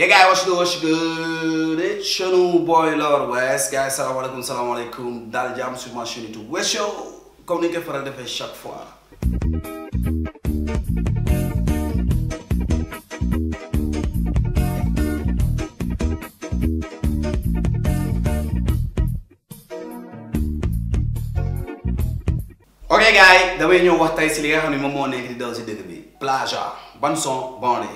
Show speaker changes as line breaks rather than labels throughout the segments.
Yeah guys, what's good, what's good? It's your new boy Lord West. Guys, salam alaikum, salam alaikum. Dal jam sur ma chaîne YouTube West Show. Comme nous le faisons chaque fois. ok gars yi damay ñëw wax tey si li nga xam ne moom moo nekk di daw si dëkk bi Plaja ban son bandé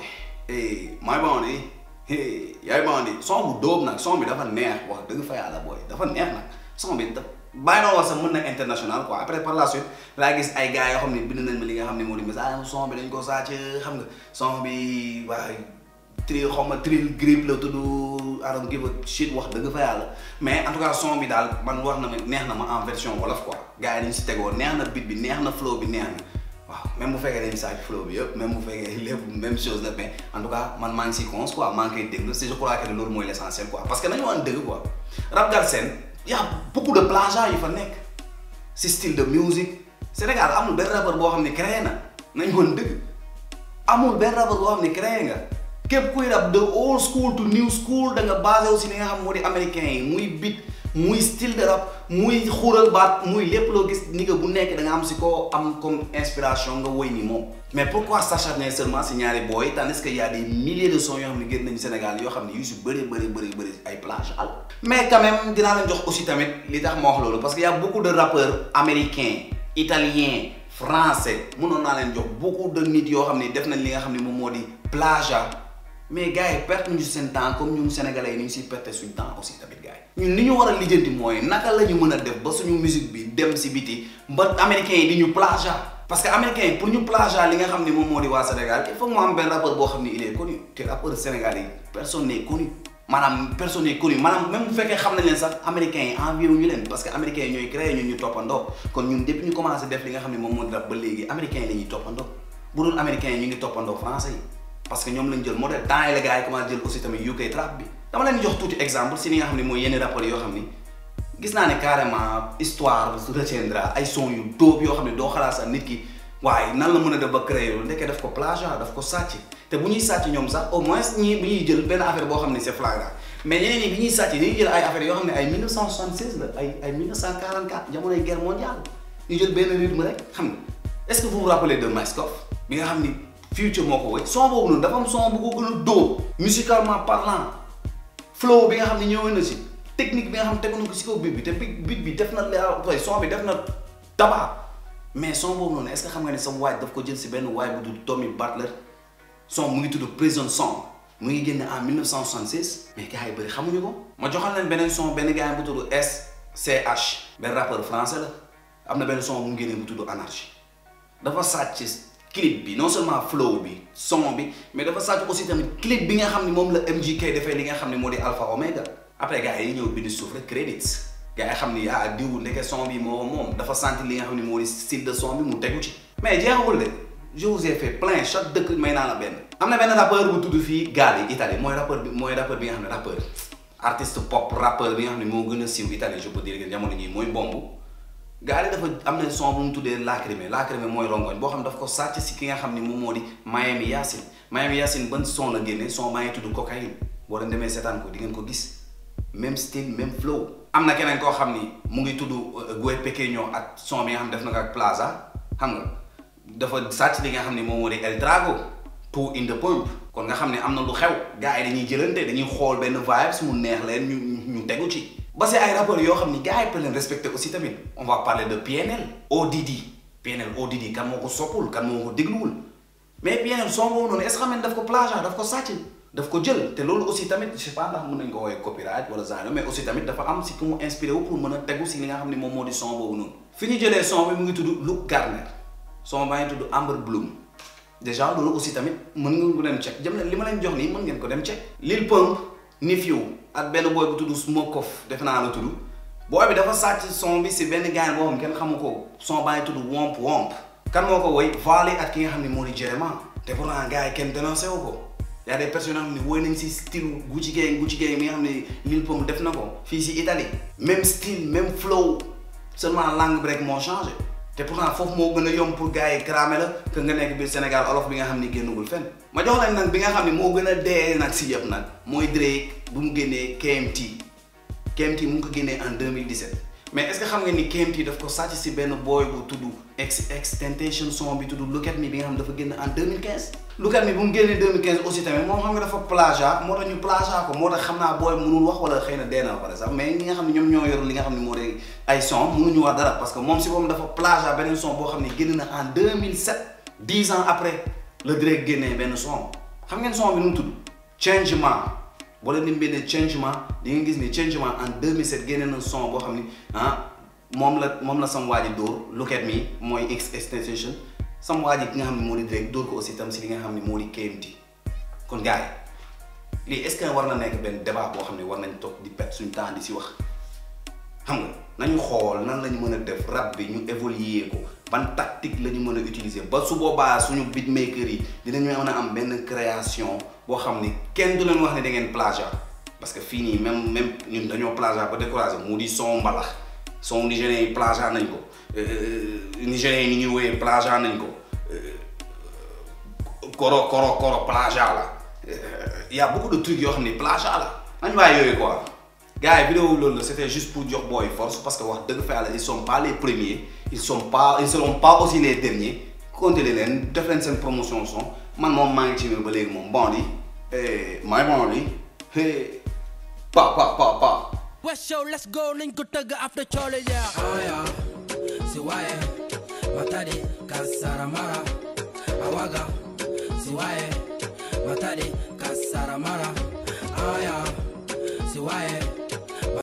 eh my bandé yaay ma ni son bu dóob nag son bi dafa neex wax dëgg fa yàlla booy dafa neex nag son bi da bàyyi naa wax sax mën na international quoi après par la suite laa gis ay gars yoo xam ne bind nañ ma li nga xam ne moo di message son bi dañ ko sàcc xam nga son bi waaye xaw ma tril grippe la tudd aram give a wax dëgg fa yàlla mais en bi daal man wax na ma neex na ma en version wolof quoi gars yi dañ si tegoo neex na beat bi neex na flow bi neex na waaw même bu fekkee dañu saaj flow bi yëpp même bu fekkee lépp même chose la man maa ngi si cons quoi maa ngi koy déglu si je crois que loolu mooy l' essentiel quoi parce que nañu waan dëgg quoi rap galsen y' a de plagiat yu fa nekk si style de musique Sénégal amul benn rappeur boo xam ne créé na nañu woon dëgg amul benn rappeur boo xam ne créé nga képp kuy rap de old school to new school da nga basé aussi nga xam moo di américain yi muy beat muy style de rap muy xuural baat muy lépp loo gis ni nga bu nekk da nga am si koo am comme inspiration nga woy ni moom mais pourquoi s'acharner seulement si ñaari booy tandis que y a des milliers de sons yoo xam ne génn nañu Sénégal yoo xam ne yu si bëri bëri bëri bëri ay plage al mais quand dinaa leen jox aussi tamit li tax ma wax loolu parce que y a beaucoup de rappeurs américains italiens français mënoon naa leen jox beaucoup de nit yoo xam ne def nañ li nga xam ne moom moo di plagiat mais gars yi perte ñu seen temps comme ñun sénégalais yi ni ñu siy perte suñu temps aussi tamit gars yi. ñun ñu war a lijjanti mooy naka la ñu a def ba suñu musique bi dem si biti ba américains yi di ñu plagiat parce que américains yi pour ñu plagiat li nga xam ne moo di waa Sénégal il faut mu am benn rappeur boo xam ne il est connu te rappeur Sénégal personne n'est connu personne n'est connu maanaam bu fekkee xam nañ leen sax américains yi envié ñu leen parce que américains yi ñooy créé ñun ñu toppandoo kon ñun depuis ñu commencé def li nga xam ne moom moo di rap ba léegi américains yi la ñuy toppandoo yi parce que ñoom lañ jël modèle temps yi la gars yi commencé jël aussi tamit UK trap bi dama leen jox tuuti exemple si ni nga xam ne mooy yenn rapport yoo xam ni gis naa ne carrément histoire retiendra ay son yu dóob yoo xam ne doo xalaat sax nit ki waaye nan la mën a def ba créé loolu ndekkee daf ko plagiat daf ko sàcc te bu ñuy sàcc ñoom sax au moins ñii bu ñuy jël benn affaire boo xam ne c'est flagrant mais ñeneen ñi bi ñuy sàcc dañuy jël ay affaires yoo xam ne ay future moo ko woy son boobu noonu dafa am son bu ko gën a dóor musicalement parlant flow bi nga xam ne ñëwoon na si technique bi nga xam ne tegu na ko si kaw bit bi te bit bi def na la son bi def na tabax mais son boobu noonu est-ce xam nga ne sa waay daf ko jël si benn waay bu tudd Tommy Butler son mu ngi tudd Prison son mu ngi génn en 1976 mais gars yi bëri xamuñu ko. ma joxal leen beneen son benn gars bu tudd SCH benn rappeur français la am na benn son mu ngi mu bu tudd Anarchie dafa sàcc. clip bi non seulement flow bi son bi mais dafa sàcc aussi tamit clip bi nga xam ne moom la MGK defee li nga xam ne moo di Alpha Omega après gars yi ñëw bind suuf rek xam ni ah diw ndeke son bi moo moom dafa sentir li nga xam ne moo di style de son bi mu tegu ci mais jeexul de je vous ai chaque dëkk may naa la benn am na benn rappeur bu tudd fii Gali Italie mooy rappeur bi mooy rappeur bi nga xam ne rappeur artiste pop rappeur bi nga xam ne moo gën a siiw Italie je peux dire que jamono jii mooy bomb gaale dafa am na son bu mu tuddee lacrymé lacrymé mooy rongoñ boo xam daf ko sàcc ki nga xam ni moom moo di Miami Yacine Miami Yacine ban son la génne son maa ngi tudd cocaïne boo leen demee seetaan ko di ngeen ko gis même style même flow. am na keneen koo xam ni mu ngi tudd euh, Guèye Pequeño ak son bi nga xam def na ak Plaza xam na dafa sàcc li nga xam ni moom moo di El Drago two in the pump kon nga xam ne am na lu xew gars yi dañuy jëlante dañuy xool benn vibe su mu neex leen ñu ñu tegu ci ba si ay rappeurs yoo xam ni gars yi peut leen respecter aussi tamit on va parler de PNL ODD PNL ODD kan moo ko soppul kan moo ko dégluwul mais PNL son boobu noonu est-ce xam ne daf ko plagiat daf ko sàcc daf ko jël te loolu aussi tamit je ko woowee copyright wala genre mais aussi tamit dafa am si ku mu a tegu si li nga xam ne moom moo di son ñu jëlee son bi mu ngi tudd Luke Gardner baa ngi tudd Amber Bloom déjà loolu aussi tamit mën ngeen ko dem check jëm leen li ma leen jox nii mën ngeen ko dem check Lil Pump Nif Yo ak benn booy bu tudd Smokoff defe naa la tudd booy bi dafa sàcc son bi si benn gaañ boo xam kenn xamu ko son baa ngi tudd womp womp kan moo ko woy Wally ak ki nga xam ne moo di Jerema te pourtant gars yi kenn dénoncé wu ko y a des personnes yoo xam ne woy nañ si style Gucci Gang Gucci Gang mi nga xam ne Lil Pump def na ko fii si Italie même style même flow seulement langue bi rek moo changé te pourtant foofu moo gën a yomb pour gars yi cramer la que nga nekk biir Sénégal olof bi nga xam ni génnagul fenn ma jox leen nag bi nga xam ni moo gën a dee nag si yëpp nag mooy Drake bu mu génnee KMT KMT mu ngi ko génnee en 2017. mais est-ce que xam nga ni KMT daf ko sàcc si benn booy bu tudd ex ex tentation son bi tudd Look at Me bi nga xam dafa génn en 2015. Look at Me bu mu génnee 2015 aussi tamit moom xam nga dafa plagiat moo wax wala xëy na dee na pare sax mais ñi nga xam ne ñoom ñoo yor li nga xam ne moo de ay son mënuñu wax dara parce que moom si moom dafa plagiat beneen son boo xam ne génn na en 2007 10 ans après benn son xam ngeen son bi nu boo leen di mbindee changement di nga gis ni changement en 2007 génne na son boo xam ni ah moom la moom la sam waa ji dóor look at me mooy ex extension sam waa ji ki nga xam ne moo di direct dóor ko aussi tam si li nga xam ne moo di KMT kon gars yi lii est war na nekk benn débat boo xam ne war nañ toog di pet suñ temps di si wax xam nga nañu xool nan lañu mën a def rab bi ñu évoluer ko ban tactique la ñu mën a utiliser ba su boobaa suñu bit beatmaker yi dinañu mën a am benn création boo xam ni kenn du leen wax ne da ngeen plagiat parce que fii nii même même ñun dañoo plagiat ba découragé mu di son mbalax son nigériens yi plagiat nañ ko euh, euh, euh, nigériens yi ni ñuy woyee plagiat nañ ko koro koro koro plagiat la y a beaucoup de trucs yoo xam ni plagiat la nañ waaye yooyu quoi gars yi vidéo loolu la c'était juste pour jox booy force parce que wax dëgg fa yàlla ils ils sont pas ils pas aussi les derniers continuer leen def leen seen promotion son man moom maa ngi ci ba léegi moom bon di eh, maay bon di pa pa pa West Show let's go nañ ko tëgg after coole ya. Oh, aya si waaye matadi kasara aya si waaye.